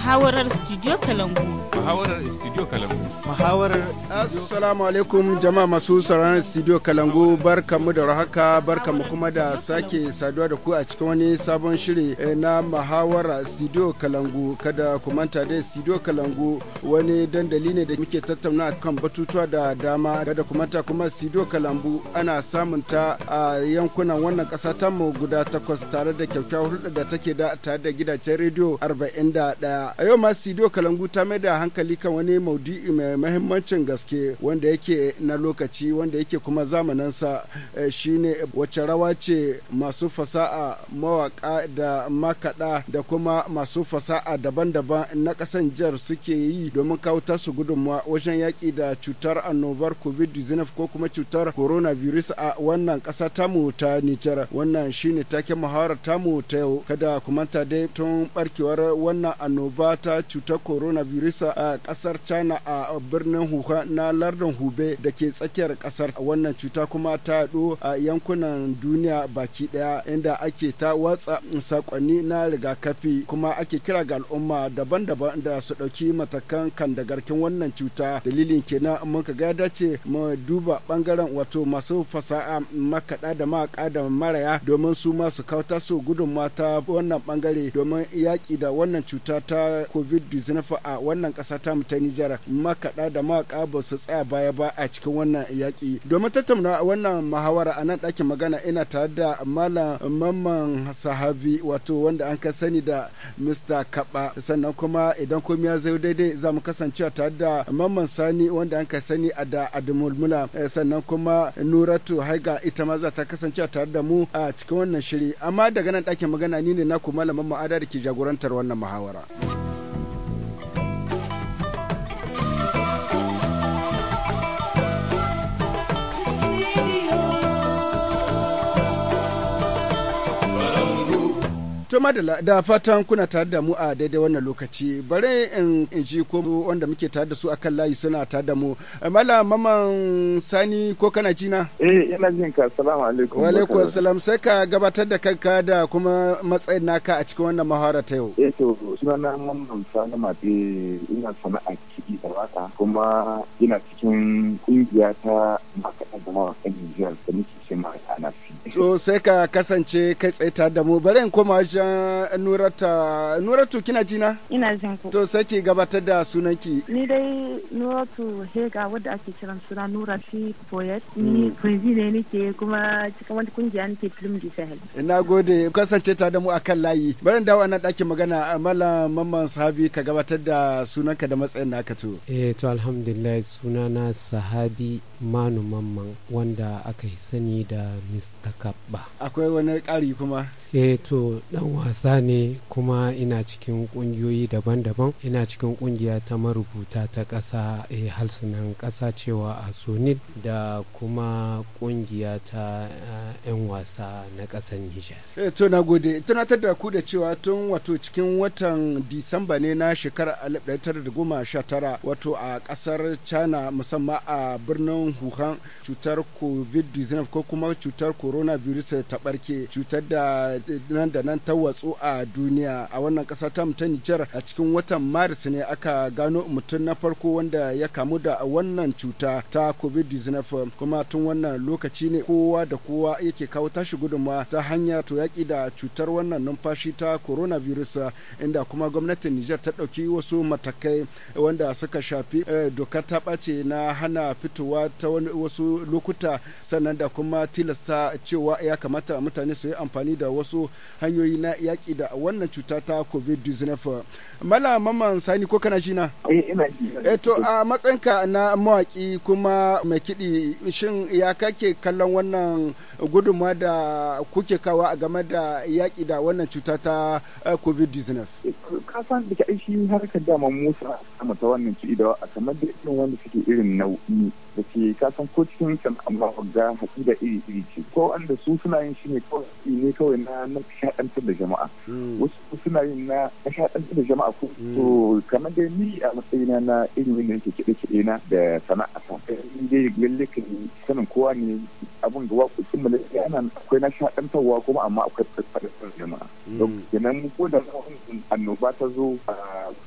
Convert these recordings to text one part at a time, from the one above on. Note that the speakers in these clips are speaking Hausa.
Muhawarar Studio Kalangu. Muhawarar Studio Kalangu. Muhawarar Assalamu alaikum jama'a masu sauraron Studio Kalangu barkamu da rahaka barkamu kuma da sake saduwa da ku a cikin wani sabon shiri eh, na Muhawara Studio Kalangu kada ku manta da Studio Kalangu wani dandali ne da muke tattauna kan batutuwa da dama kada ku manta kuma Studio Kalangu ana samun ta a yankunan wannan ƙasa ta mu guda takwas tare da kyakkyawar hulɗa da take da tare da gidajen rediyo 41 A yau ma Sidiyo Kalangu ta mai da hankali kan wani maudu'i mai mahimmancin gaske wanda yake na lokaci wanda yake kuma zamaninsa eh, shine wacce rawa ce masu fasa'a mawaka da makaɗa da kuma masu fasa'a daban-daban na kasan jihar suke yi domin kawo tasu gudunmuwa wajen yaki da cutar annobar covid-19 ko kuma cutar coronavirus a wannan ƙasa tamu ta Nijar. Wannan shine take muhawarar tamu ta yau kada ta dai tun barkewar wannan annoba annoba ta cutar coronavirus a kasar china a birnin huha na lardin hube da ke tsakiyar kasar wannan cuta kuma ta yaɗo a yankunan duniya baki daya inda ake ta watsa sakonni na rigakafi kuma ake kira ga al'umma daban-daban da su ɗauki matakan kan da garkin wannan cuta dalilin kenan ka ga dace mu duba bangaren wato masu fasaha makaɗa da maƙa da maraya domin su masu kauta su gudun mata wannan bangare domin yaƙi da wannan cuta ta Kovid covid-19 a wannan kasa ta mu ta nijar makaɗa da mawaka ba su tsaya baya ba a cikin wannan yaƙi domin tattauna wannan muhawara a nan ɗakin magana ina tare da malam mamman sahabi wato wanda an ka sani da mr kaba sannan kuma idan komai ya zai daidai za mu kasance tare da mamman sani wanda an ka sani a da adamulmula eh, sannan kuma nuratu haiga ita ma za ta kasance tare da mu a cikin wannan shiri amma daga nan ɗakin magana ni ne na naku malamin ma'ada da ke jagorantar wannan muhawara. To madala da fatan kuna tare da mu a daidai wannan lokaci bare in ji ko wanda muke tare da su akan layi suna tare da mu. Mala maman Sani ko kana jina? Eh ina jin ka. Assalamu alaikum. Wa alaikum assalam sai ka gabatar da kanka da kuma matsayin naka a cikin wannan mahawara ta yau. Eh to sunana maman Sani Mate ina sana'a kiki da waka kuma ina cikin kungiya ta makaɗa da kan Nijar da muke ce ma Anafi. to sai ka kasance kai tsaye tare da mu bare in koma wajen nurata nuratu kina jina ina jin ku to sai ki gabatar da sunanki ni dai nuratu hega wadda ake kiran suna nura shi poet ni mm. poezi ne nake kuma cikin wani kungiya nake film di sahel ina gode kasance tare da mu akan layi in dawo nan daki magana amala mamman sahabi ka gabatar da sunanka da matsayin naka to eh to alhamdulillah sunana sahabi manu mamman wanda aka sani da mr cup ba akwai wani ƙari kuma e to dan wasa ne kuma ina cikin kungiyoyi daban-daban ina cikin kungiya ta marubuta ta ƙasa e eh, halsunan ƙasa cewa a sunil da kuma kungiya ta 'yan eh, wasa na ƙasar nijar e to na gode tunatar da ku da cewa tun wato cikin watan disamba ne na shekarar 1919 wato a ƙasar china musamman a birnin wuhan cutar covid-19 ko kuma cutar corona virus ta barke cutar da nan da nan ta watsu a duniya a wannan kasa ta ta Nijar a cikin watan Maris ne aka gano mutum na farko wanda ya kamu da wannan cuta ta COVID-19 kuma tun wannan lokaci ne kowa da kowa yake kawo tashi gudunmawa ta hanya to yaki da cutar wannan numfashi ta coronavirus inda kuma gwamnatin Nijar ta ɗauki wasu matakai wanda suka shafi eh, dokar ta ɓace na hana fitowa ta wasu lokuta sannan da kuma tilasta cewa cewa ya kamata mutane su yi amfani da wasu hanyoyi na yaƙi da wannan cuta ta covid-19 mala maman sani ko kana shi na eh, eh to a matsayinka na mawaƙi kuma mai kiɗi shin ya kake kallon wannan gudunmawa da kuke kawa game da yaƙi da wannan cuta ta eh, covid-19 kasan da shi harkar daman musa a mata wannan ci da kamar da irin wanda suke irin nau'i da ke kasan ko cikin kan amma ga da iri iri ce ko wanda su suna yin shi ne kawai ne kawai na na shaɗantar da jama'a hmm. wasu suna yin na shaɗantar da jama'a ko hmm. to kamar dai ni a matsayina na irin wanda yake kiɗe kiɗe na da sana'a ta dai lalle ka sanin kowa ne abun da waƙoƙin malaysia ana akwai na shaɗantarwa kuma amma akwai da jama'a hmm. kenan ko da annoba ta zo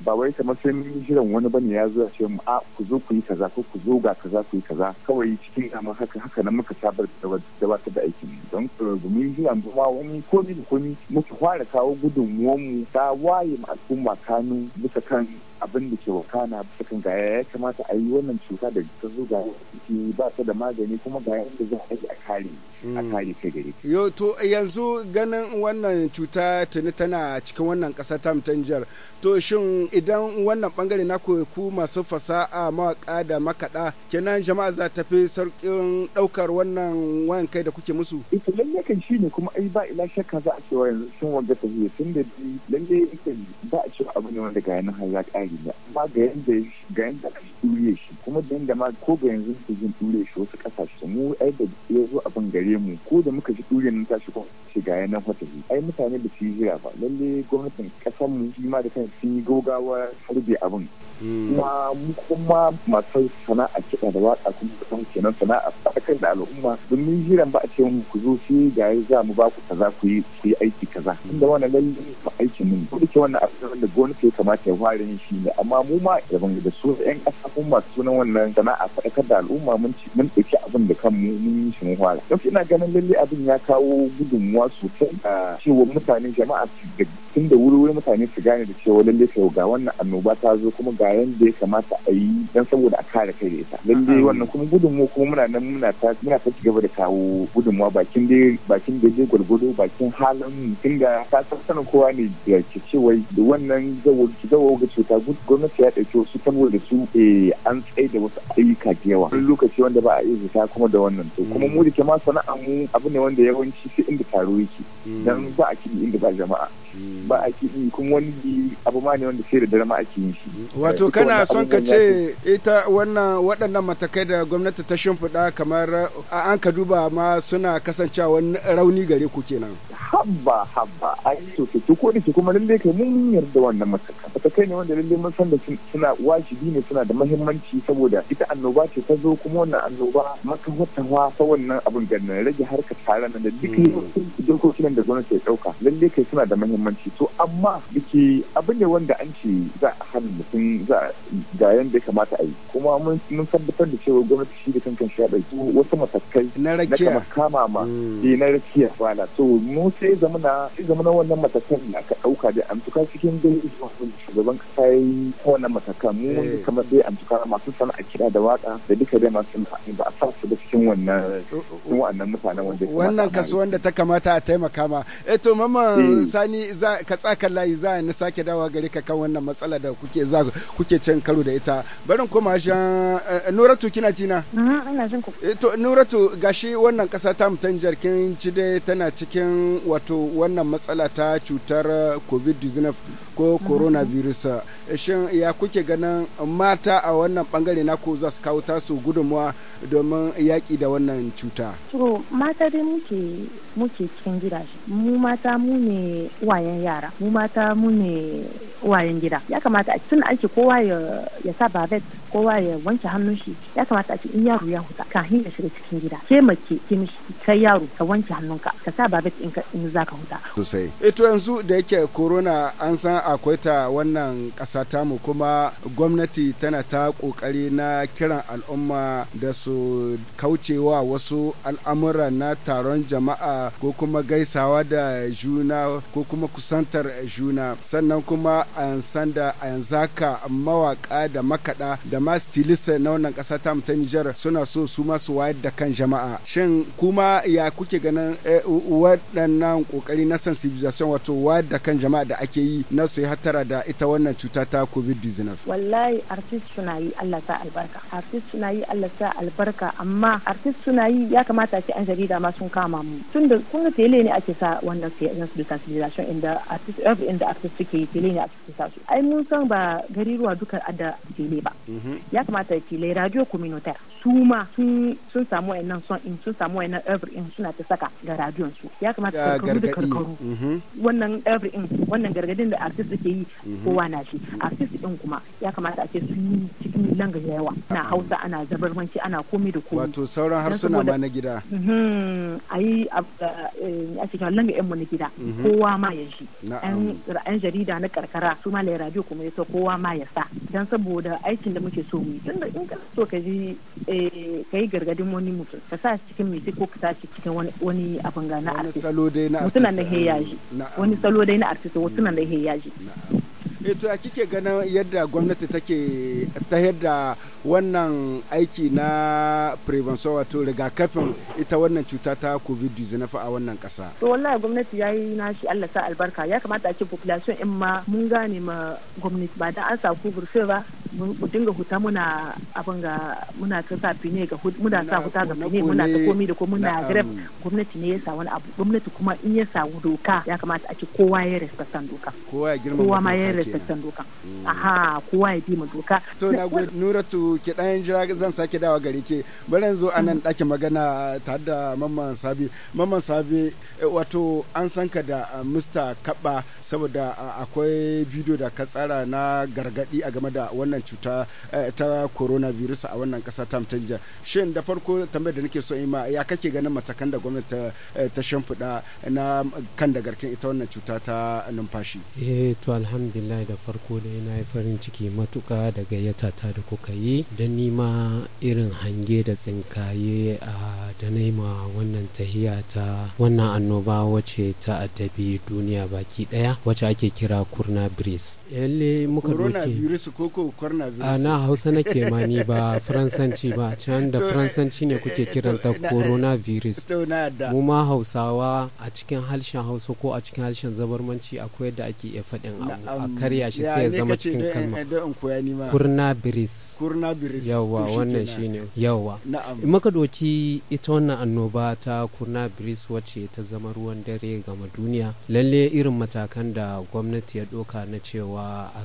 ba wai kamar sai mun jiran wani bane ya zo ya ce mu a ku zo ku yi kaza ko ku zo ga kaza kaza kawai cikin amma haka haka nan muka sabar da gabatar da aikin don domin zuwa ma wani komi da komi muka fara kawo gudunmuwanmu ta waye al'umma kanu muka kan abin da ke wakana cikin gaya ya kamata a yi wannan cuta da ta zo ga ciki ba ta da magani kuma ga yadda za a yi a kare a hmm. kare kai gare yo to yanzu ganin wannan cuta tuni tana cikin wannan ƙasa ta mutanjar to shin idan wannan bangare na ku masu fasa'a mawaƙa da makaɗa kenan jama'a za ta fi sarkin ɗaukar wannan wayan kai da kuke musu ita eh, lalle kan shine kuma ai ba ila shakka za a cewa yanzu sun wanda tafiye tun da lalle ita ba a cewa abu ne wanda ga yana har ya ƙare shi ne amma ga yanda ga yanda aka ture shi kuma da yanda ma ko ga yanzu muke jin ture shi wasu kasashe mu ai da ya zo abin gare mu ko da muka ji ture nan tashi kuma shi ga yanan hotahi ai mutane da su yi jira ba lalle gwamnatin kasar mu shi ma da kan sun yi gogawa harbe abin hmm. kuma mu kuma masu sana'a kiɗa da waƙa kuma kusan kenan sana'a faɗakar da al'umma domin jiran ba a ce mu ku zo shi ga za mu ba ku kaza ku yi aiki kaza inda wannan lalle aikin mu ko da ke wannan abin da gwamnati ya kamata ya fara yin shi aiki ne amma mu ma da su yan kasa kuma masu sunan wannan sana'a faɗakar da al'umma mun ci mun ɗauki abin da mu mun yi shi mun fara don ina ganin lalle abin ya kawo gudunmuwa sosai a cewa mutane jama'a su tun da wuri wuri mutane su gane da cewa lalle kai ga wannan annoba ta zo kuma ga yanda ya kamata a yi dan saboda a kare kai da ita lalle wannan kuma gudunmuwa kuma muna nan muna ta muna ta cigaba da kawo gudunmuwa bakin da bakin da je gwargwado bakin halin tun da ta sanin kowa ne da ke cewa da wannan zawo ga cuta gwamnati ya ɗauki wasu saboda su eh, an tsaye da wasu ayyuka da yawa wani lokaci wanda ba a iya zata kuma da wannan to kuma mu da ke ma sana'a mu abu ne wanda yawanci sai inda taro yake hmm. dan ba a kiri inda ba jama'a Mm. ba a ki kuma wani abu ma ne wanda sai da dare ma ake yin shi wato kana son ka ce ita wannan waɗannan matakai da gwamnati ta shimfiɗa kamar an ka duba ma suna kasancewa rauni gare ku kenan habba habba a yi sosai to ko da kuma lallai kai mun yarda wannan matakai matakai ne wanda lallai mun san da suna wajibi ne suna da mahimmanci saboda ita annoba ce ta zo kuma wannan annoba makamantawa ta wannan abun da rage harkar tare da duk mm. dokokin da gwamnati ya ɗauka lallai kai suna da mahimmanci muhimmanci to amma dake abin ne wanda an ce za a hana mutum za ga yanda ya kamata a yi kuma mun tabbatar da cewa gwamnati shi da kankan shi ya ɗauki wasu matakai na rakiya na kama ma hmm. eh na rakiya wala to mu sai zamana sai zamana wannan matakan da aka ɗauka da an tuka cikin dai shugaban kasa ya yi wannan matakan mu mun eh. kamar dai an tuka masu sana'a kira da waka da duka dai masu sana'a ba a sa su da cikin wannan eh, cikin wannan mutanen wanda wannan kasuwan da ta kamata a taimaka ma eh to mama eh. sani ka tsaka layi za na sake dawa gare ka kan wannan matsala da kuke za kuke cin karo da ita barin koma shan eh, Nuratu kina ji na mm-hmm, ina jin ku eh, to Nuratu gashi wannan kasa ta mutan jarkin cide tana cikin wato wannan matsala ta cutar eh, COVID-19 ko mm-hmm. coronavirus shin ya kuke ganin mata a wannan bangare na ko za su kawo tasu gudunmuwa domin yaƙi da wannan cuta to mata dai muke muke cikin gidaje mu mata mu ne wayan yara mu mata mu ne wayan gida ya kamata a tun ake kowa ya sa babet kowa ya wanke hannun shi ya kamata a ce in yaro ya huta kafin ya shiga cikin gida ke mace ke mishi kai yaro ka wanke hannunka ka sa babet in za ka huta sosai ito yanzu da yake corona an san akwai ta wannan kasa tamu kuma gwamnati tana ta kokari na kiran al'umma da su kaucewa wasu al'amura na taron jama'a ko kuma gaisawa da juna ko kuma kusantar juna sannan kuma a yansan da a yanzu haka mawaka da makaɗa da ma stilist na wannan ƙasa ta ta Nijar suna so su masu wayar da kan jama'a shin kuma ya kuke ganin eh, waɗannan ƙoƙari na sensibilisation wato wayar da kan jama'a da ake yi na su hatara da ita wannan cuta ta covid-19 wallahi artist suna yi Allah ta albarka artist suna Allah ta albarka amma artist suna yi ya kamata ce an jarida ma sun kama mu tun da kun ga tele ne ake sa wannan sensibilization inda artist every inda artist suke tele ne ake sa su ai mun san ba gariruwa duka adda tele ba mhm. ya kamata tele radio communautaire su ma sun samu wayannan son in sun samu wayannan every in suna ta saka ga radio su ya kamata karkaru da karkaru mhm. wannan every in wannan gargadin da artist suke yi mhm. kowa na shi artist din kuma ya kamata a ce su yi cikin langa yawa na Hausa ana zabarmanci ana komai da komai wato sauran harsuna ma na gida a yi ga eh, ake kallon langa yan mu na gida mhm. kowa ma ya ji yan jarida na karkara su ma lai radio kuma yasa kowa ma ya sa dan saboda aikin da muke so mu tun da in ka so ka ji eh, yi gargadin wani mutum ka sa cikin mai ko ka sa cikin wani abin ga na artist wani salo dai na artist eh, wani salo dai na artist wasu nan da yaji eto eh, ya kike ganin yadda gwamnati take ta yadda wannan aiki na prevention wato rigakafin ita wannan cuta ta covid-19 a wannan kasa to wallahi gwamnati yayi nashi Allah sa albarka ya kamata a ce population in ma mun gane ma gwamnati ba dan an sa kubur ba mu dinga huta muna abin ga muna ta sa fine ga muna sa huta ga fine muna ta komi da komi na grab gwamnati ne ya sa wani abu gwamnati kuma in ya sa doka ya kamata a ce kowa ya san doka kowa ya girma kowa ma ya tabbataccen dokan mm. aha kowa ya bi mu doka to na gode nuratu ki dan jira zan sake dawa gare ke bari zo nan daki magana tare da mamman sabi mamman sabi eh, wato an san ka da eh, Mr. kaɓa saboda eh, akwai bidiyo da ka tsara na gargadi a game da wannan cuta ta coronavirus a wannan kasa ta Tanzania shin da farko tambayar da nake so yi ma ya kake ganin matakan da gwamnati ta shimfiɗa na kan da garken ita wannan cuta ta numfashi eh to alhamdulillah wallahi da farko dai na yi farin ciki matuka da gayyata ta da kuka yi da nima irin hange da tsinkaye a da naima wannan tahiya ta wannan annoba wacce ta addabi duniya baki daya wacce ake kira kurna bris yalle muka doke a na hausa na kemani ba faransanci ba can da faransanci ne kuke kiranta coronavirus mu ma hausawa a cikin harshen hausa ko a cikin harshen zabarmanci akwai da ake iya faɗin a kare karya shi sai ya zama cikin kalma kurna biris wannan shi yawa in maka doki ita wannan annoba ta kurna biris wacce ta zama ruwan dare gama duniya lalle irin matakan da gwamnati ya doka na cewa a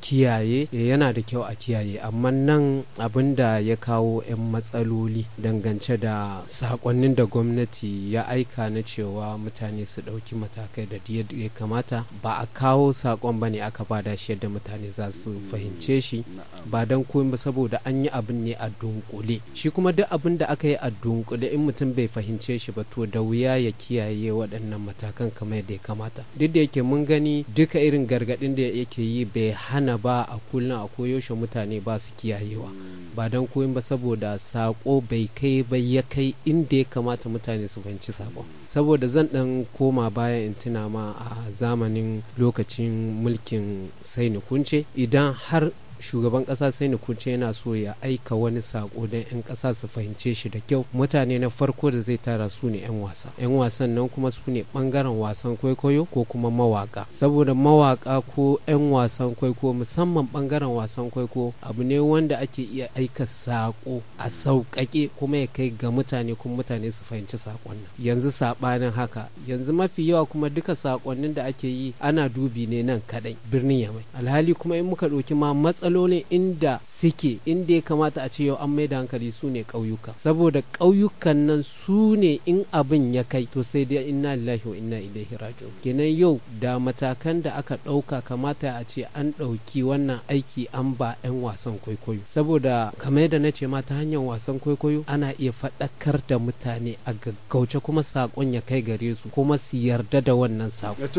kiyaye eh, yana da kyau a kiyaye amma nan abin da ya kawo 'yan matsaloli dangance da sakonnin da gwamnati ya aika na cewa mutane su ɗauki matakai da ya kamata ba a kawo sakon ba ne a. aka bada shi yadda mutane za su fahimce shi ba don komai ba saboda an yi abin ne a dunkule shi kuma duk abin da aka yi a dunkule in mutum bai fahimce shi ba to da wuya ya kiyaye waɗannan matakan kamar yadda ya kamata duk da yake mun gani duka irin gargaɗin da yake yi bai hana ba a kullum a koyaushe mutane ba su kiyayewa ba don koyi ba saboda sako bai kai ba ya kai inda ya kamata mutane su fahimci sako. saboda zan ɗan koma baya in tuna ma a zamanin lokacin mulkin alhajin sai ni kunce idan har shugaban ƙasa sai ni kunce yana so ya aika wani sako don 'yan ƙasa su fahimce shi da kyau mutane na farko da zai tara su ne 'yan wasa 'yan wasan nan kuma su ne ɓangaren wasan kwaikwayo ko kuma mawaka saboda mawaka ko 'yan wasan kwaikwayo musamman bangaren wasan kwaikwayo abu ne wanda ake iya aika sako a sauƙaƙe kuma ya kai ga mutane kuma mutane su fahimci sakon nan yanzu saɓanin haka yanzu mafi yawa kuma duka sakonnin da ake yi ana dubi ne nan kaɗai birnin yamai alhali kuma in muka ɗauki ma matsalar matsaloli inda suke inda ya kamata a ce yau an mai da hankali su ne ƙauyuka saboda ƙauyukan nan su ne in abin ya kai to sai dai inna lillahi wa inna ilaihi raji'un kenan yau da matakan da aka ɗauka kamata a ce an ɗauki wannan aiki an ba 'yan wasan kwaikwayo saboda kamar yadda na ce ma ta hanyar wasan kwaikwayo ana iya faɗakar da mutane a gaggauce kuma saƙon ya kai gare su kuma su yarda da wannan saƙon.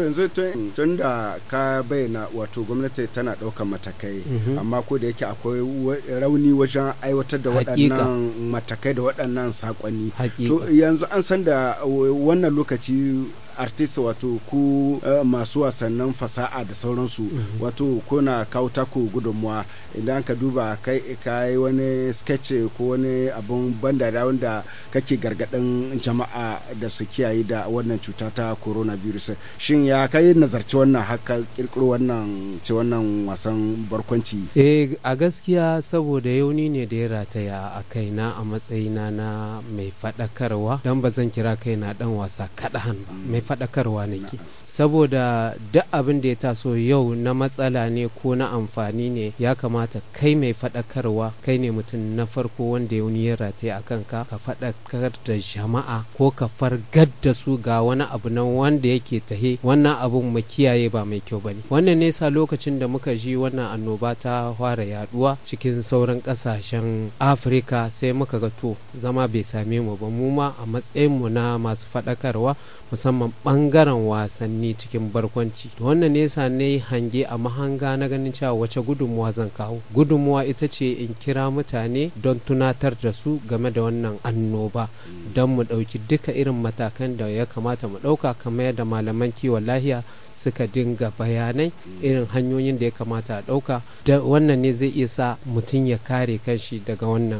tun da ka bayyana wato gwamnati tana ɗaukar matakai mhm. amma ko da yake akwai rauni wajen aiwatar da waɗannan matakai da waɗannan saƙonni to yanzu an san da wannan lokaci artist wato ku eh, masu wasannin fasaha da sauransu mhm. wato kuna kawo taku gudunmuwa idan ka duba kai kai wani sketch ko wani abun banda da wanda kake gargadin jama'a da su kiyaye da wannan cuta ta coronavirus shin ya kai nazarci wannan haka kirkiro wannan ce wannan wasan barkwanci eh a gaskiya saboda yauni ne da ya rataya a kaina a matsayina na mai faɗakarwa dan ba zan kira kaina dan wasa kaɗan ba mm. ai faɗakarwa nake saboda duk abin da ya taso yau na matsala ne ko na amfani ne ya kamata kai mai faɗakarwa kai ne mutum na farko wanda ya wuni rataye a kanka ka faɗakar da jama'a ko ka fargar da su ga wani abu nan wanda yake tahe wannan abun mu kiyaye ba mai kyau bane wannan ne sa lokacin da muka ji wannan annoba ta fara yaduwa cikin sauran ƙasashen afirka sai muka ga to zama bai same mu ba mu ma a matsayin mu na masu faɗakarwa musamman ɓangaren wasanni ni cikin barkwanci wannan nesa ne hange a mahanga na ganin cewa wace gudunmuwa zan kawo gudunmuwa ita ce in kira mutane don tunatar da su game da wannan annoba don mu ɗauki duka irin matakan da ya kamata mu ɗauka kamar yadda malaman kiwon lahiya suka dinga bayanai irin hanyoyin da ya kamata a ɗauka da wannan ne zai iya sa mutum ya kare kanshi daga wannan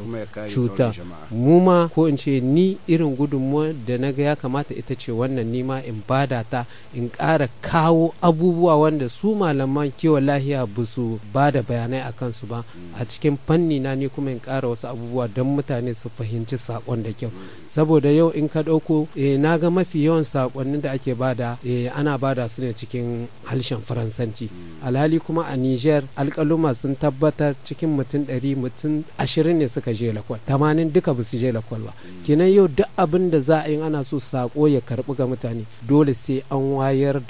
cuta mu ma ko in ce ni irin gudunmuwa da na ga ya kamata ita ce wannan nima in bada ta in ƙara kawo abubuwa wanda su malaman kiwon lahiya ba su ba da bayanai a kansu ba mm. a cikin fanni na ni kuma in ƙara wasu abubuwa don mutane su fahimci saƙon da kyau mm. saboda yau in ka ɗauko eh, na ga mafi yawan saƙonnin da ake bada eh, ana bada su ne cikin harshen faransanci alhali kuma a niger alkaluma sun tabbatar cikin mutum ɗari mutum ashirin ne suka je lakwal tamanin duka ba su je lakwal ba mm. kenan yau duk abin da za a yi ana so sako ya karbi ga mutane dole sai an wayar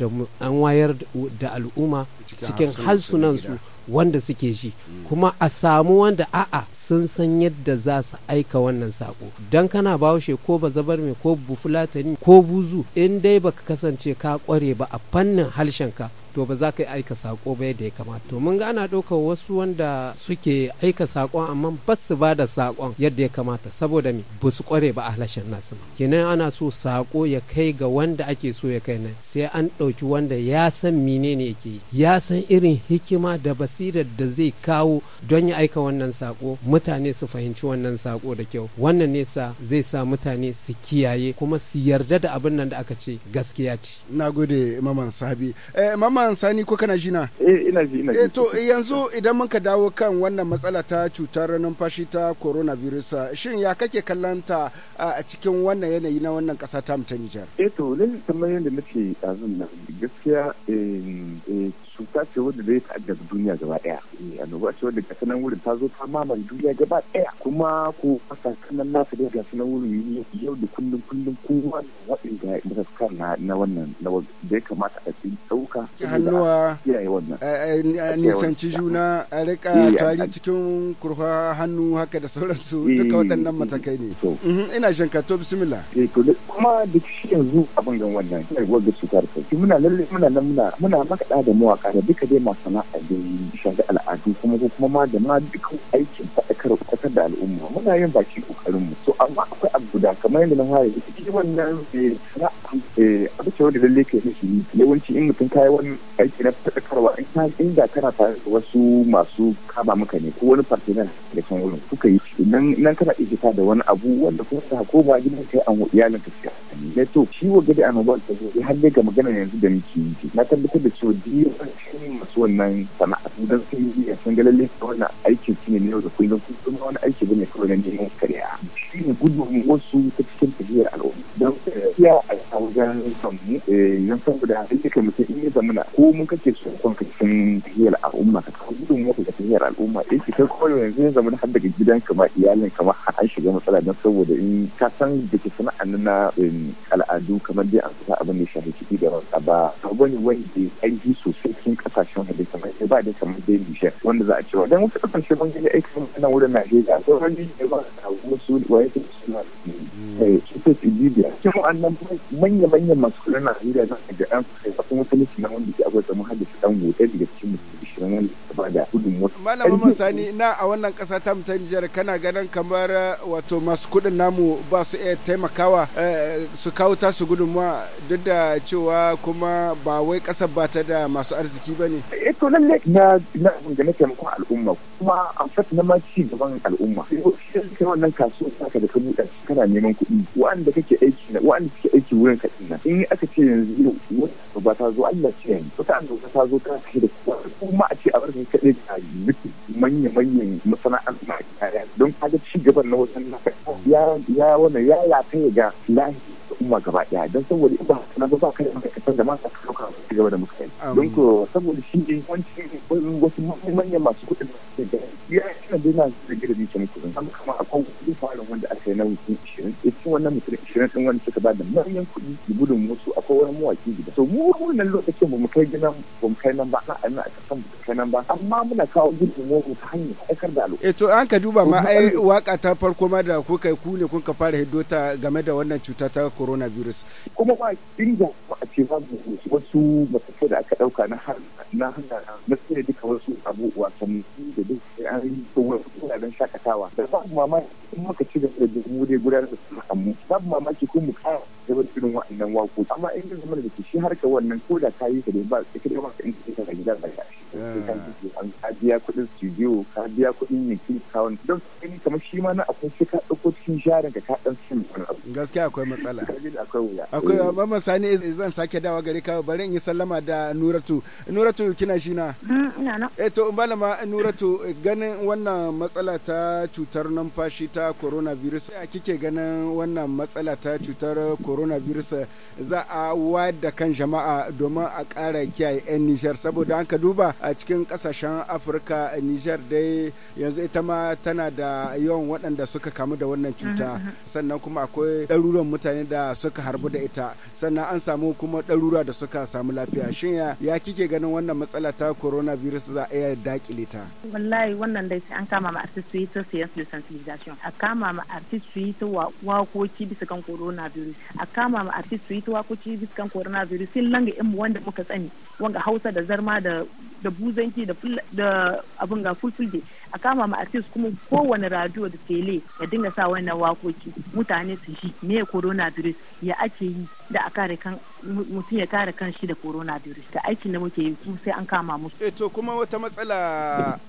da al'umma cikin halsunan su wanda suke shi kuma a samu wanda a'a sun san yadda za su aika wannan sako don kana bahaushe ko ba zabar mai ko bufulatani ko buzu in dai baka kasance ka kware ba a fannin harshen ka to ba za ka aika sako ba yadda ya kamata to mun ga ana ɗaukar wasu wanda suke aika sakon amma ba su ba da sakon yadda ya kamata saboda mi ba su kware ba a halashen nasu kenan ana so sako ya kai ga wanda ake so ya kai nan sai an ɗauki wanda ya san menene yake ya san irin hikima da basirar da zai kawo don ya aika wannan sako mutane su fahimci wannan sako da kyau wannan ne sa zai sa mutane su kiyaye kuma su yarda da abin nan da aka ce gaskiya ce nagode maman sabi eh, mama Mamman Sani ko kana jina? Eh ina ji ina ji. Eh to eh, yanzu idan mun ka dawo kan wannan matsala ta cutar numfashi ta coronavirus eh, shin ya kake kallon ta a cikin wannan yanayi na wannan ƙasa ta mu Nijar? Eh to lallai kamar yadda muke azun nan gaskiya eh, eh cuta ce wanda zai ta'addaba duniya gaba daya eh, annoba ce wanda ga sanan wurin ta zo ta mamaye duniya gaba daya kuma ko sakamakon nasu da ga sanan wurin yau da kullum kullum kowa waɗanda ya na na wannan na da ya kamata a cikin ɗauka hannuwa nisanci juna a rika eh, tari cikin kurfa hannu haka da sauransu eh, duka waɗannan matakai ne mhm, ina shan ka to bismillah kuma duk shi yanzu abin gan wannan ina gwagwa cutar kai muna lalle muna nan muna muna makaɗa da mawaka ga duka dai masu sana'a da shafi al'adu kuma ko kuma ma da ma dukkan aikin faɗakar kwatar da al'umma muna yin baki ƙoƙarin mu to amma akwai abu guda kamar yadda na fara ita ce wannan eh, sana'a Eh, abu ce da lalle ke shi yawanci in mutum kayi wani aiki na fadakarwa in ka inda kana tare da wasu masu kama maka ne ko wani partner da can wurin yi nan nan kana iya fita da wani abu wanda kuma ta ko ba gidan kai an iyalin ka ciya ne to shi wa gadi an ba ta zo eh, har dai ga magana yanzu da nake yi na tabbatar da cewa diya shi masu wannan sana'a dan sun yi a san ga lalle wannan aikin shi ne yau da kullum kuma wani aiki bane kawai na neman kariya shi ne gudun wasu ta cikin tafiyar al'umma don eh, iya a wajen samu yan eh, saboda hannun cikin mutum in yi zamana ko mun kake su kwan cikin tafiyar al'umma ka kawo gudun wasu tafiyar al'umma ya eh, ce kai kawai yanzu ya zamana har daga gidan kama iyalin kama an shiga matsala don saboda in ka san da ke sana'an na al'adu kamar dai an fita abin da ya shafi ciki da wasa ba wani wani da aiki sosai cikin kasashen da ya ba da kamar dai nishiyar wanda za a cewa don wasu kasashe mun gani aikin nan wurin najeriya sauran ne ba a wasu waye su eh, suna cutar ibibiya cikin wa'annan manya-manyan masu kula na Najeriya za a ga an fasa kuma musulunci na wanda ke akwai tsamun hadisi dan gobe daga cikin musulunci wanda su ba da gudunmuwa. Malam Sani na a wannan kasa ta mutan Nijar kana ganin kamar wato masu kuɗin namu ba su iya taimakawa eh, su kawo tasu gudunmuwa duk da cewa kuma ba wai ƙasar ba ta da masu arziki ba ne. Eto eh, to ne na na da nake taimakon al'umma kuma an fata na ma ci gaban al'umma. Sai kai wannan kasuwa saka da ka buɗe kana neman kuɗi wa'anda kake aiki na wa'anda suke aiki wurin ka ɗin in aka ce yanzu wata ba ta zo Allah ce yanzu wata ta zo ta kashe da kuma a ce a barka ne kaɗai da duka manya-manyan masana'antar masana'anta yaya don kaga ci gaban na wajen ya ya wani ya ya ta yi ga lahi al'umma gaba ɗaya don saboda in ba na ba kai ma'aikatan da masu ɗauka ci gaba da muka yi don ko saboda shi ne wancan wasu manyan masu kuɗin da ya yi dina da gida ne kenan kudin amma kuma akwai kudin farin wanda aka yi na mutum ishirin ya eh, ci wannan mutum ishirin ɗin wanda suka ba da manyan kuɗi da gudun wasu akwai wani mawaki gida so mu wannan lokacin ba mu kai gidan ba mu kai nan ba na ainihin a kasan ba kai nan ba amma muna kawo gudun mu ta hanyar aikar da al'umma. Eh, to an ka duba ma ai waka ta farko ma da kuka ku ne kun ka fara hiddota game da wannan cuta ta coronavirus. kuma ba dinga ba a ce ba wasu matakai da aka ɗauka na har na hana na tsere duka wasu abu wasanni da duk sai an yi wasu wuraren shakatawa da babu mamaki in muka ci gaba da mu dai gudanar da su babu mamaki ko mu kaya kai ba irin wa'annan waƙo amma in ka zama da ke shi harka wannan ko da ka yi ka dai ba ka dai ba ka in ka ka gida ba eh. ka shi ka biya kuɗin studio ka biya kuɗin yanki ka wani don kai kamar shi ma na akwai sai ka ɗauko cikin jarin ka ɗan sin wani abu gaskiya akwai matsala akwai wuya akwai eh. mama sani eh, zan sake dawa gare ka bari in yi sallama da nuratu nuratu kina shi na mm, ina na eh to ma nuratu ganin wannan matsala ta cutar numfashi ta coronavirus a kike ganin wannan matsala ta cutar corona coronavirus za a wayar da kan jama'a domin a kara kiyaye 'yan nijar saboda an ka duba a cikin kasashen afirka nijar dai yanzu ita ma tana da yawan waɗanda suka kamu da wannan cuta sannan kuma akwai ɗaruruwan mutane da suka harbu da ita sannan an samu kuma ɗaruruwa da suka samu lafiya shin ya kike ganin wannan matsala ta coronavirus za a iya dakile ta wallahi wannan dai an kama ma artist su a kama ma artist su ta wakoki bisa kan coronavirus a kama ma artist su yi ta wakoki biskan coronavirus sun langa yan wanda muka sani wanga hausa da zarma da da buzanki da abin ga fulfulde a kama ma artist kuma kowane radio da tele ya dinga sa wannan wakoki mutane su ji me virus ya ake yi da a kare kan mutum ya kare kan shi da virus da aiki da muke yi sai an kama musu eh to kuma wata matsala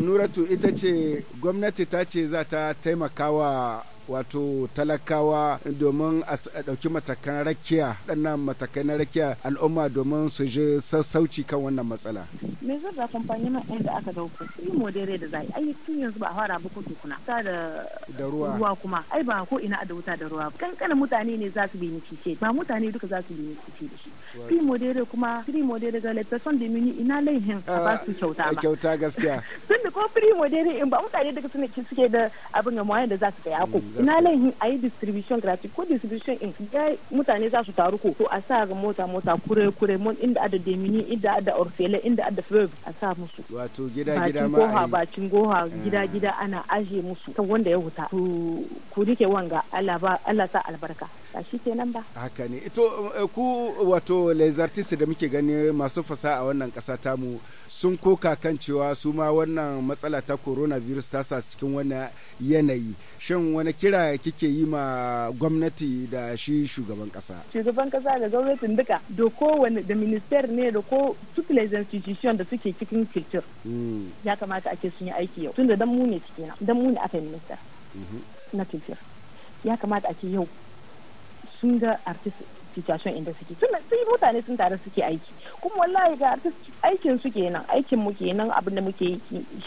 nuratu ita ce gwamnati ta ce za ta taimakawa wato talakawa domin a ɗauki matakan rakiya ɗannan matakai na rakiya al'umma domin su je sassauci kan wannan matsala. Me zai da kamfanyin ɗin da aka dauko yi modere da zai ai tun yanzu ba a fara ba ko tukuna ta da ruwa kuma ai ba ko ina da wuta da ruwa kankanin mutane ne za su bi ni ce ba mutane duka za su bi ni ce da shi. Fi modere kuma fi modere ga le person da mini ina laihin a ba su kyauta ba. Kyauta gaskiya. tun da ko fi modere in ba mutane duka suke da abin ga da za su kai ko mm. ina laihin a yi distribution gratuit ko distribution in ya mutane za su taru ko to a sa ga mota mota kure kure mun inda ada demini inda ada orfele inda ada fev a sa musu wato gida gida ma goha bacin goha eh. gida gida ana aje musu kan wanda ya huta ku rike wanga Allah ba Allah sa albarka ba shi kenan ba haka ne ito eh, ku wato lezartis da muke gani masu fasa a wannan kasa tamu sun koka kan cewa su ma wannan matsala ta coronavirus ta sa cikin wannan yanayi shin wani kira kike yi ma gwamnati da shi shugaban kasa shugaban kasa da gwamnatin duka da kowane da minister ne da ko toutes les da suke cikin culture hmm. ya kamata ake sun yi aiki yau tunda dan mu ne cikin dan mu ne aka yi minister mhm. na culture ya kamata ake yau sun ga artist situation inda suke tun sai mutane sun tare suke aiki kuma wallahi ga artist aikin su kenan aikin mu kenan abin da muke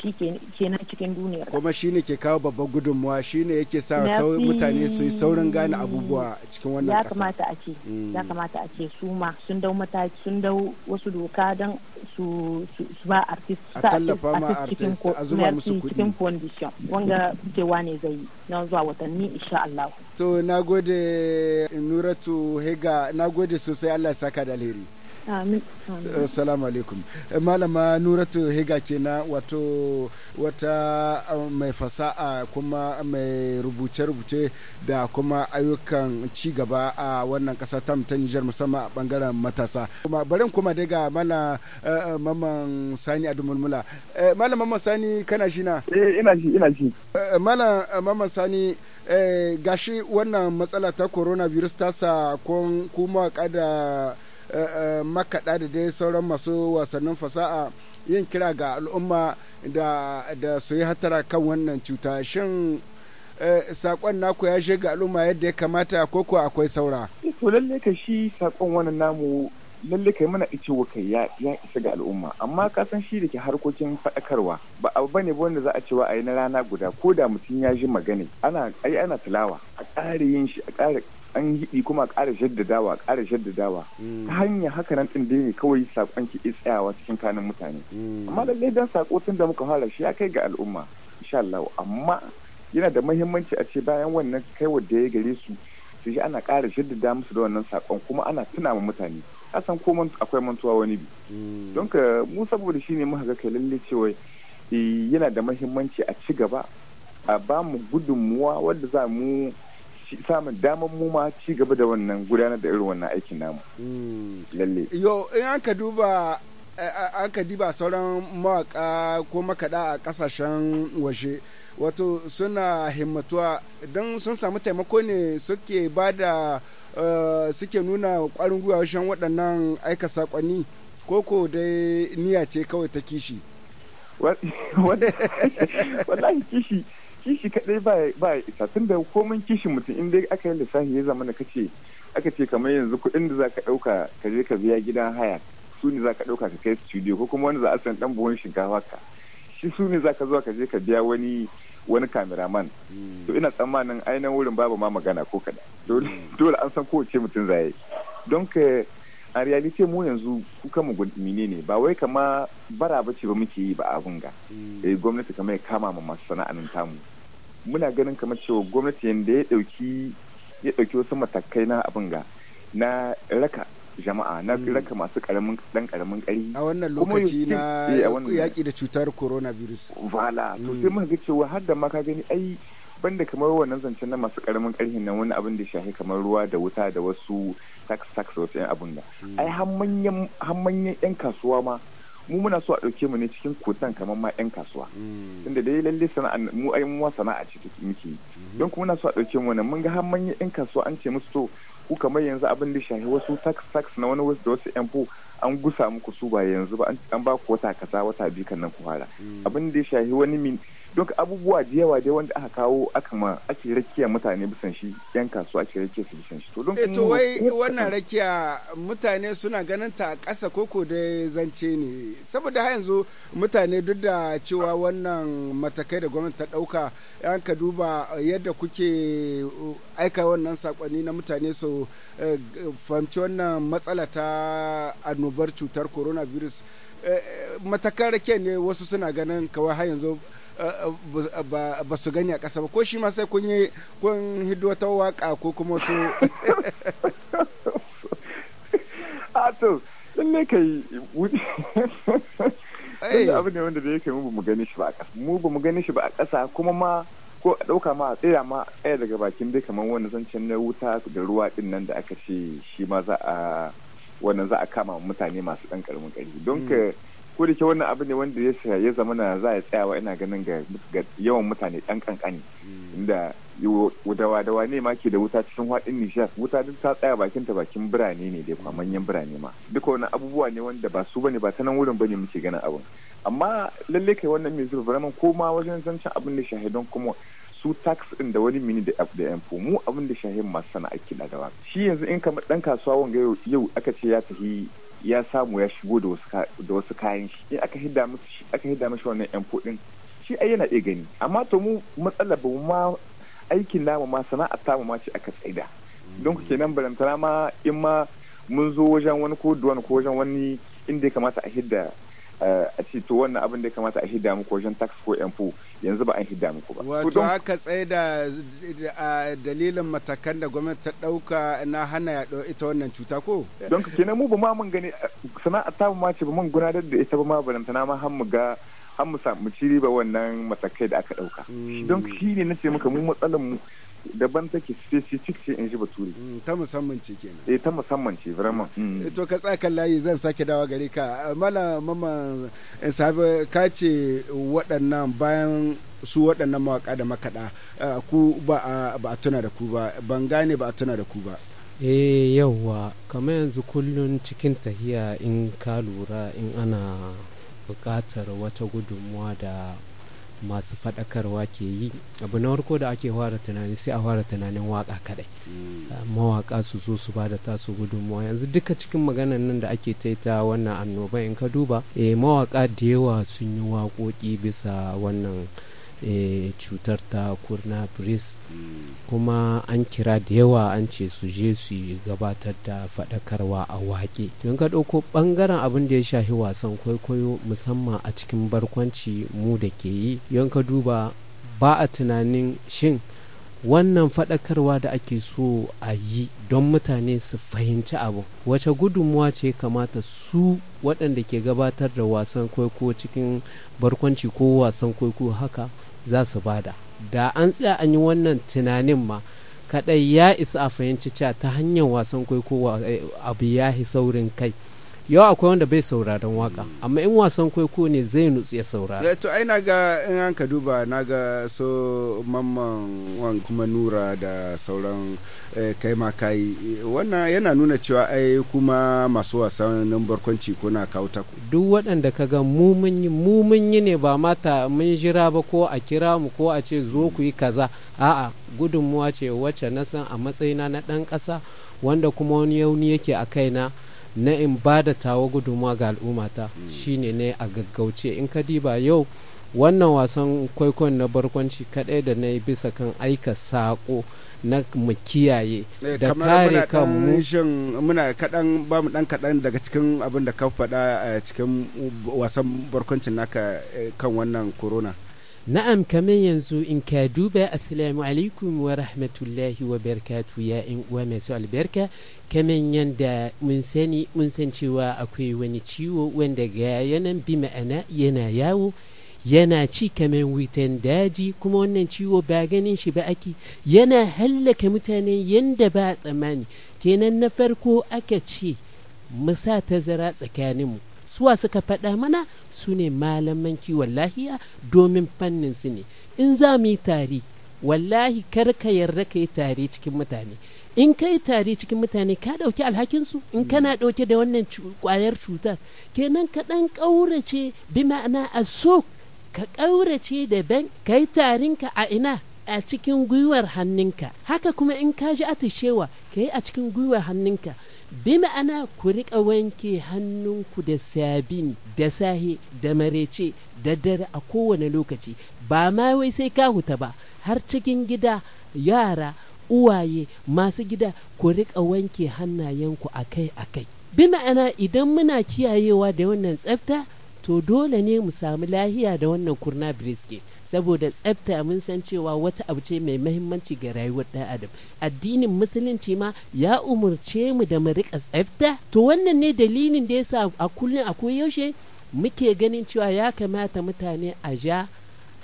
shi kenan cikin duniya kuma shine ke kawo babban gudunmuwa shine yake sa mutane su yi saurin gane abubuwa cikin wannan kasa ya kamata a ce ya mm. kamata a ce su ma sun dau mataki sun dau wasu doka dan su ma artist sa artist cikin condition wanga kuke ne zai yi na zuwa watanni insha Allah to nagode Nuratu Hega nagode sosai Allah saka da alheri Amin. Eh, assalamu alaikum. Eh, Malama Nuratu Higa kenan wato wata eh, mai fasa'a kuma mai rubuce-rubuce da kuma ayyukan ci gaba a wannan kasa ta ta Nijar musamman a bangaren matasa. Kuma barin kuma daga mana maman Sani Adumulmula. Malam maman Sani kana shi na? ina shi ina shi. Malam maman Sani gashi wannan matsala ta coronavirus ta sa kuma kada Eh, eh, makaɗa da dai sauran masu wasannin fasaha yin kira ga al'umma da su yi hatara kan wannan cuta shin eh, sakon naku ya shiga al'umma yadda ya kamata ko ko akwai saura to lallai ka shi saƙon wannan namu lalle kai mana ice kai ya isa ga al'umma amma ka san shi da ke harkokin faɗakarwa ba abu bane ba wanda za a cewa a yi na rana guda ko da mutum ya ji magana ana ai ana tilawa a ƙara yin shi a ƙara an yi kuma ƙara jaddadawa ƙara jaddadawa ta mm. hanyar haka nan ɗin dai kawai saƙon ki tsayawa cikin kanin mutane mm. amma lallai dan saƙo tun da muka fara shi ya kai ga al'umma insha Allah amma yana da mahimmanci a ce bayan wannan kai da ya gare su su ji ana ƙara jaddada musu da wannan saƙon kuma ana tuna ma mutane kasan ko akwai mantuwa wani bi mm. don ka mu saboda shi ne muka ga kai lalle cewa eh, yana da mahimmanci a ci gaba a ba mu gudunmuwa wadda za mu samun damar mu ma ci gaba da wannan gudanar da irin wannan aikin namu hmm. lalle yo in an ka duba eh, an ka diba sauran mawaka ko makaɗa a ƙasashen waje wato suna himmatuwa don sun samu taimako ne suke ba da eh, suke nuna ƙwarin gwiwa wajen waɗannan aika saƙonni koko dai niyya ce kawai ta kishi wallahi kishi kishi kadai ba ba isa tunda komai kishin mutum in dai aka yi lissafi ya zama da kace aka ce kamar yanzu kuɗin da zaka ɗauka ka je ka biya gidan haya su ne zaka ɗauka ka kai studio ko kuma wani za a san dan buhun shinkafa ka shi su ne zaka zo ka je ka biya wani wani kameraman to ina tsammanin ainihin wurin babu ma magana ko kada dole an san kowace mutum zaye don ka a realite mu yanzu kuka mu gudumine ne ba wai kama bara bace ba muke yi ba abun ga eh, gwamnati kamar ya kama mu masu sana'anin tamu muna ganin kamar cewa gwamnati yadda ya ɗauki ya dauki wasu matakai na abin ga na raka jama'a na hmm. raka masu karamin dan karamin kari a wannan lokaci na eh, yaƙi da cutar coronavirus vala to hmm. sai mun ga cewa har da ma ka gani ai banda kamar wannan zancen na masu karamin karhin nan wani abin da shahi kamar ruwa da wuta da wasu tax tax wasu yan abin da hmm. ai har manyan yan kasuwa ma mu muna so a ɗauke mu ne cikin kotan kamar ma 'yan kasuwa mm. tunda dai lalle sana'a mu ai mu sana'a ce take muke mm-hmm. don kuma muna so a ɗauke mu nan mun ga har manyan 'yan kasuwa an ce musu to ku kamar yanzu abin da shahi wasu tax tax na wani wasu da wasu yan an gusa muku su ba yanzu ba an ba ku wata kaza wata biyu kan nan ku fara mm. abin da shahi wani duk abubuwa da yawa dai wanda aka kawo aka ma ake rakiya mutane bisan shi yan kasuwa ake rakiya su bisan shi to don eh, to wai wannan rakiya mutane suna ganin ta kasa koko da zance ne saboda har yanzu mutane duk da cewa wannan matakai da gwamnati ta ɗauka an ka duba yadda kuke uh, aika wannan sakonni na mutane su uh, fahimci wannan matsala ta annobar cutar coronavirus eh, eh, matakan rakiya ne wasu suna ganin kawai har yanzu ba su gani a ƙasa ba ko shi ma sai kun yi kun hidu ta waka ko kuma su a ah, to ne ka yi wuce abu ne wanda da yake mu gani shi ba a ƙasa mu ba mu gani shi ba a ƙasa kuma ma ko a ɗauka ma a tsaya ma ɗaya daga bakin dai kamar wani zancen na wuta da ruwa ɗin nan da aka ce shi ma za a wannan za a kama mutane masu ɗan ƙaramin ƙarfi don ka mm. ko da ke wannan abu ne wanda ya ya zama na za a tsayawa ina ganin ga yawan mutane dan kankani hmm. inda dawa dawa ne ma ke da wuta cikin haɗin nishas wuta duk ta tsaya bakin ta bakin birane ne dai hmm. manyan birane ma duka wani abubuwa ne wanda ba su bane ba ta nan wurin bane muke ganin abin amma lalle kai wannan mai zuba vraiment ko ma wajen zancen abin da shahidan kuma su tax din da wani mini da 'yanfu mu abin da shahin masu sana'a kiɗa gaba shi yanzu in kamar dan kasuwa wanga yau aka ce ya tafi ya samu ya shigo da wasu kayan shi in aka hidda mashi hidda mashi wannan yan kudin shi ai yana iya gani amma to mu matsalar ba ma aikin namu ma sana'ar mu ma ce aka tsaida don ku kenan barantana ma in ma mun zo wajen wani ko wani ko wajen wani inda ya kamata a hidda Eh, a ce to wannan abin da ya kamata a hidda muku wajen tax ko empo yanzu ba an hidda muku ba. Wato aka tsaye da dalilin matakan da gwamnati ta ɗauka na hana yaɗo ita wannan cuta ko? Don ka kenan mu ba ma mun gani sana'a ta ma ce ba mun gudanar da ita ba ma balantana ma har mu ga har mu samu ciri ba wannan matakai da aka ɗauka. Hmm. Don shi ne na ce muka mu matsalar mu daban take specific ce in ji bature mm, ta musamman ce kenan eh ta musamman ce vraiment mm. eh, to ka tsaka layi zan sake dawa gare ka eh, mala mama eh, sabe ka ce waɗannan bayan su waɗannan mawaka da makaɗa ku ba a tuna da ku ba ban gane ba a tuna da ku ba eh yauwa kamar yanzu kullum cikin tahiya in ka lura in ana buƙatar wata gudunmuwa da masu fadakarwa ke yi abu na farko da ake fara tunani sai a fara tunanin waka kadai mm. ah, mawaka su zo su bada tasu gudunmawa yanzu duka cikin maganan nan da ake ta wannan annoba in ka duba eh, mawaka da yawa sun yi waƙoƙi bisa wannan Eh, cutar ta kurna bris kuma an kira da yawa an ce su je su gabatar da faɗakarwa a waƙe don ka ɗauko ɓangaren abin da ya shafi wasan kwaikwayo musamman a cikin barkwanci mu da ke yi don duba ba a tunanin shin wannan faɗakarwa da ake so a yi don mutane su fahimci abu wace gudunmuwa ce kamata su waɗanda ke gabatar da wasan kwaikwayo cikin barkwanci ko wasan kwaikwayo haka za su bada da an tsaya an yi wannan tunanin ma kaɗai ya isa a fahimci cewa ta hanyar wasan kwaikwayo eh, abu ya saurin kai yau akwai wanda bai sauraron waka amma in wasan kwaiko ne zai nutsu ya saurara eh, to ai na ga in an ka duba na ga so mamman wan kuma nura da sauran eh, kai ma wannan yana nuna cewa ai kuma masu wasan nan barkwanci ko na duk waɗanda ka ga mu mun yi ne ba mata mun jira ba ko a kira mu ko a ce zo ku yi kaza a'a gudunmuwa ce wacce na san a matsayina na ɗan ƙasa wanda kuma wani yauni yake a kaina na in ba da tawo gudunmuwa ga al'ummata shine ne a gaggauce in ka diba yau wannan wasan kwaikwayon na barkwanci kadai da na yi bisa kan aika sako na mu kiyaye eh, da kare kanmu muna kaɗan ba mu dan kadan daga cikin abin da ka faɗa a cikin wasan barkwancin naka eh, kan wannan corona Na'am kamar yanzu in ka duba Assalamu alaikum wa rahmatullahi wa barkatu ya in uwa masu albarka kamar yadda mun sani mun san cewa akwai wani ciwo wanda ga yanan bi ma'ana yana yawo yana ci kamar wutan daji kuma wannan ciwo ba ganin shi ba ake yana hallaka mutane yadda ba tsammani kenan na farko aka ce mu sa tazara tsakaninmu suwa suka faɗa mana su ne malaman kiwon lahiya domin fannin su ne in za mu yi tari wallahi kar ka yarda ka yi tari cikin mutane in ka yi tari cikin mutane ka ɗauki alhakinsu in mm. kana ɗauke da wannan kwayar cutar kenan ka ɗan ƙaurace bi ma'ana a so ka ƙaurace daban ka yi tarinka a ina a cikin gwiwar hannunka haka kuma in ka ji atishewa ka yi a cikin gwiwar hannunka bi ma'ana ku riƙa wanke hannunku da sabin da sahi da marece da dare a kowane lokaci ba ma wai sai ka huta ba har cikin gida yara uwaye masu gida ku riƙa wanke hannayenku akai-akai bi ma'ana idan muna kiyayewa da wannan tsafta to dole ne mu samu lahiya da wannan kurna brisket saboda tsafta mun san cewa wata abu ce mai mahimmanci ga rayuwar ɗan adam addinin musulunci ma ya umurce mu da mu riƙa tsafta to wannan ne dalilin da yasa a kullum a koyaushe muke ganin cewa ya kamata mutane a ja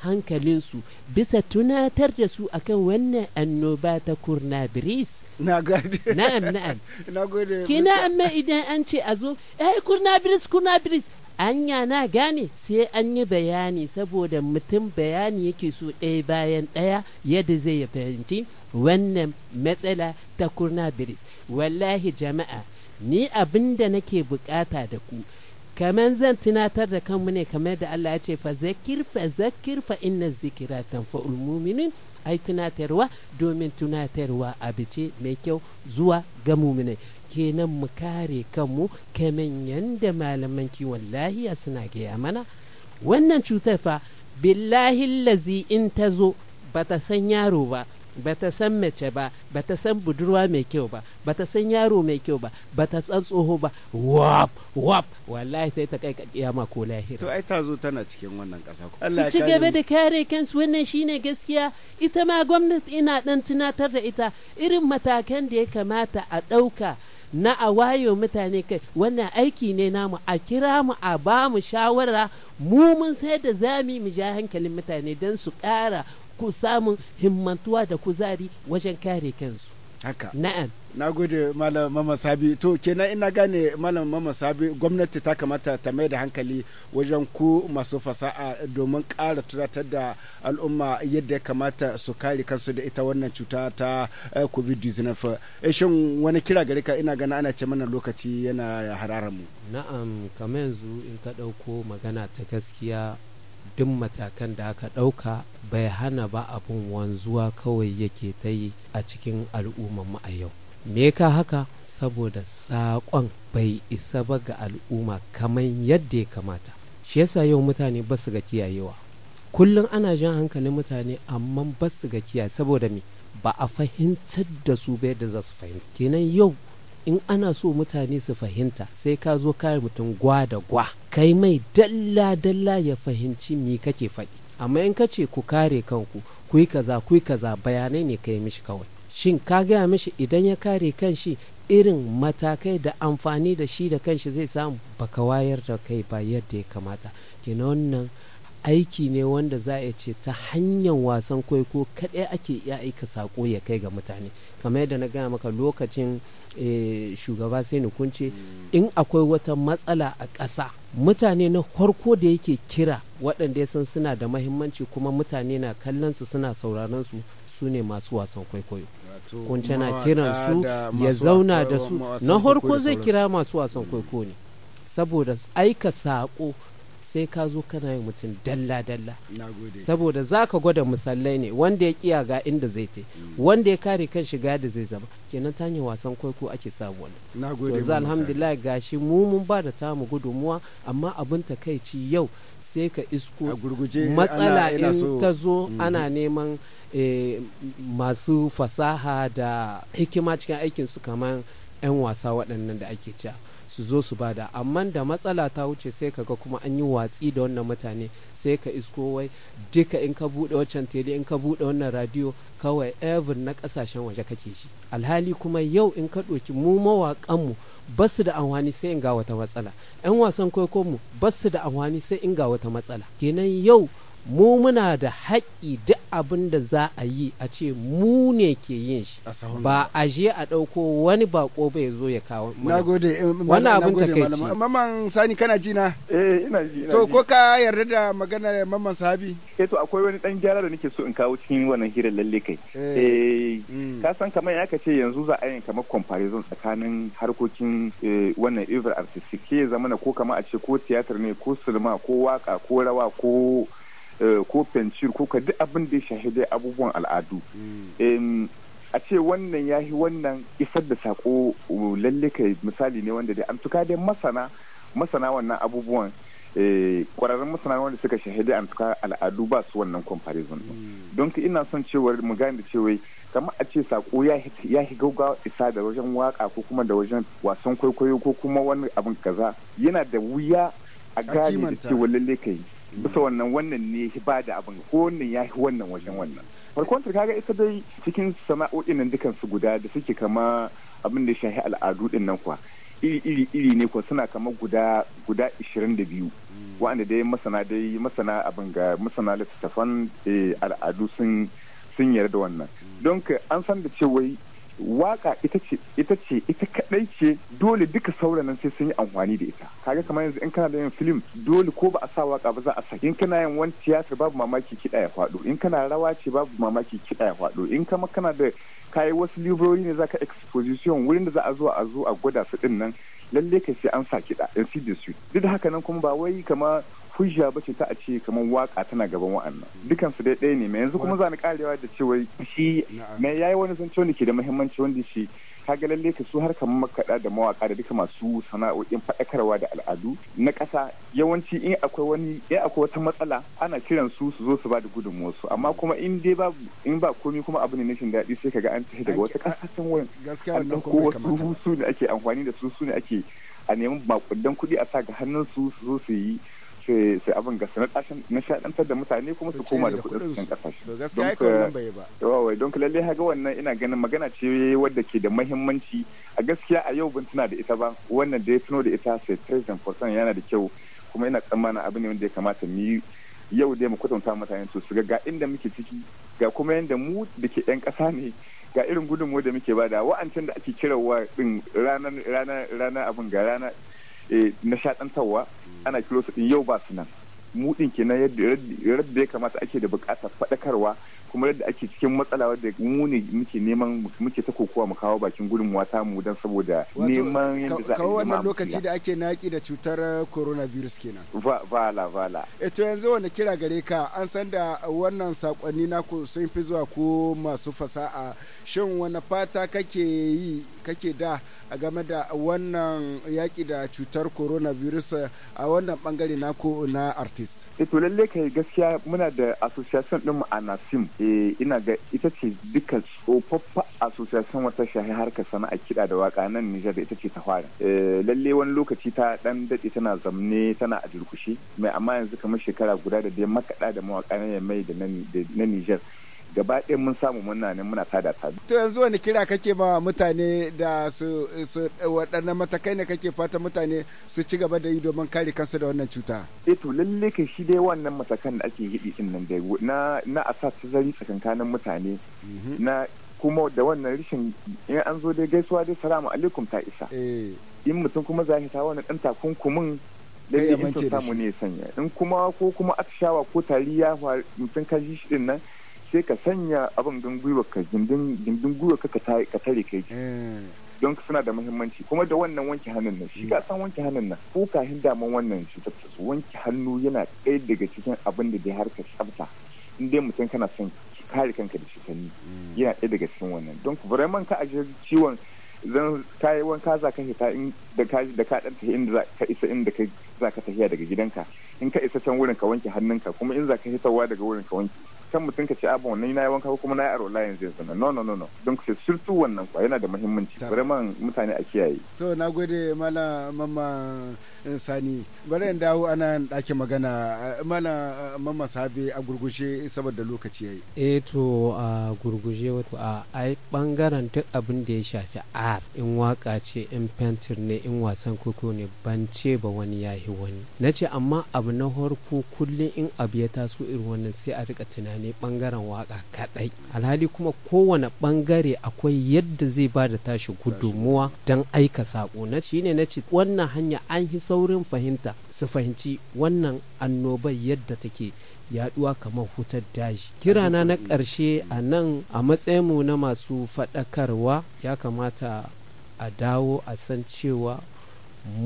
hankalinsu bisa tunatar da su akan wannan annoba ta kurna biris na gode na'am na'am na gode kina amma idan an ce a zo eh kurna biris kurna biris anya na gane sai an yi bayani saboda mutum bayani yake so ɗaya bayan ɗaya yadda zai ya fahimci wannan matsala ta kurna biris wallahi jama'a ni abin da nake bukata da ku kamar zan tunatar da kanmu ne kamar da Allah ya ce fa zakir fa zakir fa inna zikira tanfa mu'minin ai tunatarwa domin tunatarwa abice mai kyau zuwa ga mumine kenan mu kare kanmu kaman yadda malaman kiwon lahiya suna gaya mana wannan cutar fa billahi lazi in ta zo ba ta san yaro ba ba ta san mace ba ba ta san budurwa mai kyau ba ba ta san yaro mai kyau ba ba ta san tsoho ba wap wap wallahi sai ta kai ka ma ko lahira to ai ta zo tana cikin wannan kasa ku Allah ci gaba da kare kansu wannan shine gaskiya ita ma gwamnati ina dan tunatar da ita irin matakan da ya kamata a ɗauka na a wayo mutane kai wannan aiki ne namu a kira mu a ba mu shawara mu mun sai da zami mu ja hankalin mutane don su ƙara ku samun himmantuwa da kuzari wajen kare kansu haka na'am na gode malam mama sabi to kenan ina gane malam mama sabi gwamnati ta kamata ta mai da hankali wajen ku masu fasa'a domin ƙara tunatar da al'umma yadda ya kamata su kare kansu da ita wannan cuta ta eh, covid-19 eh, shin wani kira gare ka ina gana ana ce mana lokaci yana hararar mu na'am kamar yanzu in ka ɗauko magana ta gaskiya duk matakan da aka ɗauka bai hana ba abin wanzuwa kawai yake ta yi a cikin al'ummarmu a yau me ka haka saboda saƙon bai isa ba ga al'umma kamar yadda ya kamata shi yasa yau mutane ba su ga kiyayewa kullum ana jan hankalin mutane amma ba su ga kiyaye saboda me ba a fahimtar da su bai da za su fahimta kenan yau in ana so mutane su fahimta sai ka zo kare mutum gwa da gwa kai mai dalla-dalla ya fahimci mi kake faɗi amma in ka ce ku kare kanku ku yi kaza ku yi kaza bayanai ne ka mishi kawai shin ka gaya mishi idan ya kare kanshi irin matakai da amfani da shi da kanshi zai samu baka wayar da kai ba yadda ya kamata kina wannan aiki ne wanda za a ce ta hanyar wasan kwaiko kaɗai ake iya aika sako ya kai ga mutane kamar yadda na gaya maka lokacin eh, shugaba sai ni kunce mm. in akwai wata matsala a ƙasa mutane na farko da yake kira waɗanda ya san suna da mahimmanci kuma mutane na kallon su suna sauraron su su ne masu wasan kwaikwayo kunce na kiran su ya zauna da su na farko zai kira masu wasan mm. kwaikwayo ne saboda aika saƙo sai ka zo kana yin mutum dalla-dalla saboda za ka gwada misalai ne wanda ya kiya ga inda zai te mm. wanda ya kare kan shiga da zai zama kenan ta hanyar wasan kwaiko ake samu wannan yanzu alhamdulillah gashi mu mun ba da tamu gudunmuwa amma abin takaici yau sai ka isko matsala in ta zo mm-hmm. ana neman eh, masu fasaha da hikima cikin aikin su kamar 'yan wasa waɗannan da ake cewa su zo su bada amma da matsala ta wuce sai ka ga kuma an yi watsi da wannan mutane sai ka isko wai duka in ka buɗe waccan tele in ka buɗe wannan radio kawai ever na kasashen waje kake shi alhali kuma yau in ka doki mu mawaƙanmu ba su da amfani sai in ga wata matsala 'yan wasan kwaikonmu ba su da amfani sai in ga wata matsala kenan yau mu muna da haƙƙi duk abin da za a yi a ce mu ne ke yin shi ba a je a ɗauko wani bako bai zo ya kawo na gode eh, wani abin ce maman sani kana ji na eh ina ji to ko ka yarda da magana maman sahabi eh to akwai wani dan gyara da nake so in kawo cikin wannan hirar lalle kai eh, eh hmm. ka san kamar ya ce yanzu za a yi kamar comparison tsakanin harkokin eh, wannan ever artistic ke zama na ko kamar a ce ko tiyatar ne ko silma ko waka ko rawa ko Eh, ko fencir ko ka duk abin da ya shahi dai abubuwan al'adu a ce wannan ya yi wannan isar da sako lalle misali ne wanda dai amtuka dai masana masana wannan abubuwan kwararren eh, masana wanda suka shahidi amtuka al'adu ba su wannan comparison hmm. don ka ina son cewar mu gane da cewa kamar a ce sako ya yi gauga isa da wajen waka ko kuma da wajen wasan kwaikwayo ko kuma wani abin kaza yana da wuya a gane da cewa lalle kai bisa wannan wannan ne ya ba da abin ko wannan ya yi wannan wajen wannan farkon kaga ita dai cikin sana'o'in nan dukan su guda da suke kama abin da shahi al'adu din nan kuwa iri iri iri ne kuwa suna kama guda guda 22 wa'anda dai masana dai masana abin ga masana littattafan eh, al'adu sun sun yarda wannan don ka an san da cewa waka ita ce ita ce ita kadai ce dole duka sauran sai sun yi amfani da ita kaga kamar yanzu in kana da yin film dole ko ba a sa waka ba za a sa in kana yin wani tiyatar babu mamaki kiɗa ya faɗo in kana rawa ce babu mamaki kiɗa ya faɗo in kama kana da kayi wasu librori ne zaka exposition wurin da za a zo a zo a gwada su din nan lalle ka sai an sa kiɗa in see duk da haka nan kuma ba wai kama hujja ba ce ta a ce kamar waka tana gaban wa'annan dukan su ɗaya ne mai yanzu kuma za ni karewa da cewa shi mai yayi wani zancen da ke da muhimmanci wanda shi ga lalle ka su har kamar makaɗa da mawaka da duka masu sana'o'in faɗakarwa da al'adu na ƙasa yawanci in akwai wani in akwai wata matsala ana kiran su su zo su ba da su amma kuma in dai ba in ba komi kuma abu ne na shin daɗi sai ka ga an tafi daga wata ƙasa can wurin gaskiya ko wasu su ne ake amfani da su su ne ake a neman makudan kuɗi a sa ga hannun su su zo su yi sai abin ga sanar kashin nishadantar da mutane kuma su koma da kudin cikin kasashe to gaskiya ai bai ba Wawai don lalle haga wannan ina ganin magana ce wadda ke da mahimmanci. a gaskiya a yau bin tuna da ita ba wannan da ya tuno da ita sai president Fosan yana da kyau kuma ina tsammanin abu ne wanda ya kamata mu yi yau dai mu kwatanta mutane su su ga inda muke ciki ga kuma yanda mu da ke yan kasa ne ga irin gudunmu da muke bada wa'ancan da ake kirawa din ranar ranar ranar abin ga ranar eh, na shaɗantarwa ana kiro su yau ba su nan mudin kenan yadda ya kamata ake da buƙatar faɗakarwa kuma yadda ake cikin matsala wadda mu ne muke neman muke ta kokowa mu kawo bakin gudunmuwa wata mu don saboda neman yadda za a yi wannan lokaci da ake naki da cutar eh, coronavirus kenan vala vala eto eh, yanzu wanda kira gare ka an san da wannan sakonni naku sun fi zuwa ko masu fasaha shin wani fata kake yi kake da a game da wannan yaki da cutar coronavirus eh, a wannan bangare ku na artist eto lalle kai gaskiya muna da association din mu a nasim Eh, ina ga ita ce duka tsofaffa association wata shahi harkar sana'a kiɗa da waka nan Nijar da ita ce ta fara. Eh, lalle wani lokaci ta ɗan daɗe tana zamne tana a jirkushi mai amma yanzu kamar shekara guda da dai makaɗa da mawaka na mai da na Nijar. gaba ɗaya mun samu muna ne muna tada ta. To yanzu wani kira kake ma mutane da su su waɗannan matakai ne kake fata mutane su ci gaba da yi domin kare kansu da wannan cuta? Eh to lalle ke shi dai wannan matakan da ake hidi din nan dai na na a sa zari tsakankanin mutane mhm. na kuma da wannan rishin in an zo dai gaisuwa dai salamu alaikum ta isa. Eh. In mutum kuma zai ta wani ɗan takunkumin lalle in samu ne sanya in kuma ko kuma atishawa ko tari ya mutum kashi shi din nan sai ka sanya abin don gwiwa ka gindin gwiwa ka ka tare kai eh. don suna da muhimmanci kuma da wannan wanke hannun nan shi ka san wanke hannun nan ko kahin daman wannan shi ta wanke hannu yana ɗaya daga cikin abin da dai harkar tsafta in dai mutum kana son kare kanka da shitanni mm. yana ɗaya daga cikin wannan don ku bari man ka aje ciwon zan kayi wanka za ka hita da ka da ka dan tafi inda ka isa inda ka za ka tafiya daga gidanka in ka isa can wurin ka wanke hannunka kuma in za ka hitawa daga wurin ka wanke can mutum ka ce a bon ni na yi kuma na yi arola yanzu yanzu no no no no don ku surtu wannan kwa yana da muhimmanci vraiment mutane a kiyaye to na gode mala mama eh, sani bari in dawo ana ɗakin magana eh, mala eh, mama sabe a gurguje saboda lokaci yayi eh to a gurguje wato a ai bangaren duk abin da ya shafi ar. in waka ce in fentir ne in wasan koko ne ban ce ba wani yahi wani na ce amma abu na harko kullum in abu ya taso irin wannan sai a rika tunani ne bangaren waka kadai alhali kuma kowane bangare akwai yadda zai ba da tashi gudunmuwa don aika sako na ne na ce wannan hanya an yi saurin fahimta su fahimci wannan annobar yadda take yaduwa kamar hutar daji kirana na karshe a nan a matsayinmu na masu faɗakarwa ya kamata a dawo a san cewa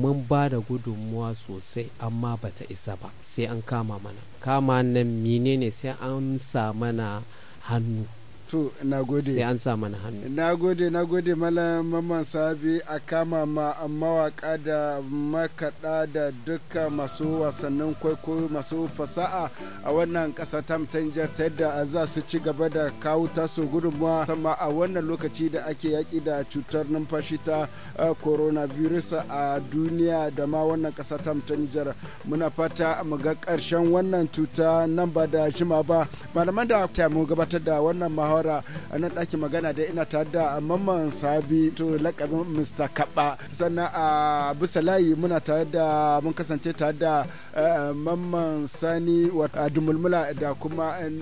mun ba da gudunmuwa sosai amma ba ta isa ba sai an kama mana kama nan menene sai an sa mana hannu to na gode sai an sa mana hannu na gode na gode malaman sabi a kama ma mawaka da makaɗa da duka masu wasannin kwaiko masu fasa'a a wannan ƙasa ta tanjar ta yadda za su ci gaba da kawo taso gudunmuwa sama a wannan lokaci da ake yaƙi da cutar numfashi ta coronavirus a duniya da ma wannan ƙasa ta tanjar muna fata mu ga ƙarshen wannan cuta nan ba da shima ba malaman da mu gabatar da wannan mahawar muhawara a nan ɗakin magana da ina tare da mamman sabi to lakabin mr kaɓa sannan a bisa layi muna tare da mun kasance tare da eh, mamman sani a dumulmula da kuma eh,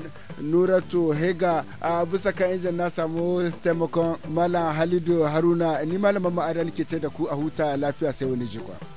nuratu hega a bisa kan injin na samu taimakon malam halidu haruna ni malam mamman ke ce da ku a huta lafiya sai wani jikwa.